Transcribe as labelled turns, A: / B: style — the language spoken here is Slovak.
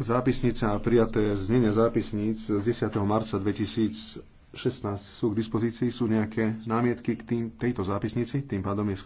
A: Zápisnica a prijaté znenie zápisníc z 10. marca 2016 sú k dispozícii. Sú nejaké námietky k tým, tejto zápisnici? Tým pádom je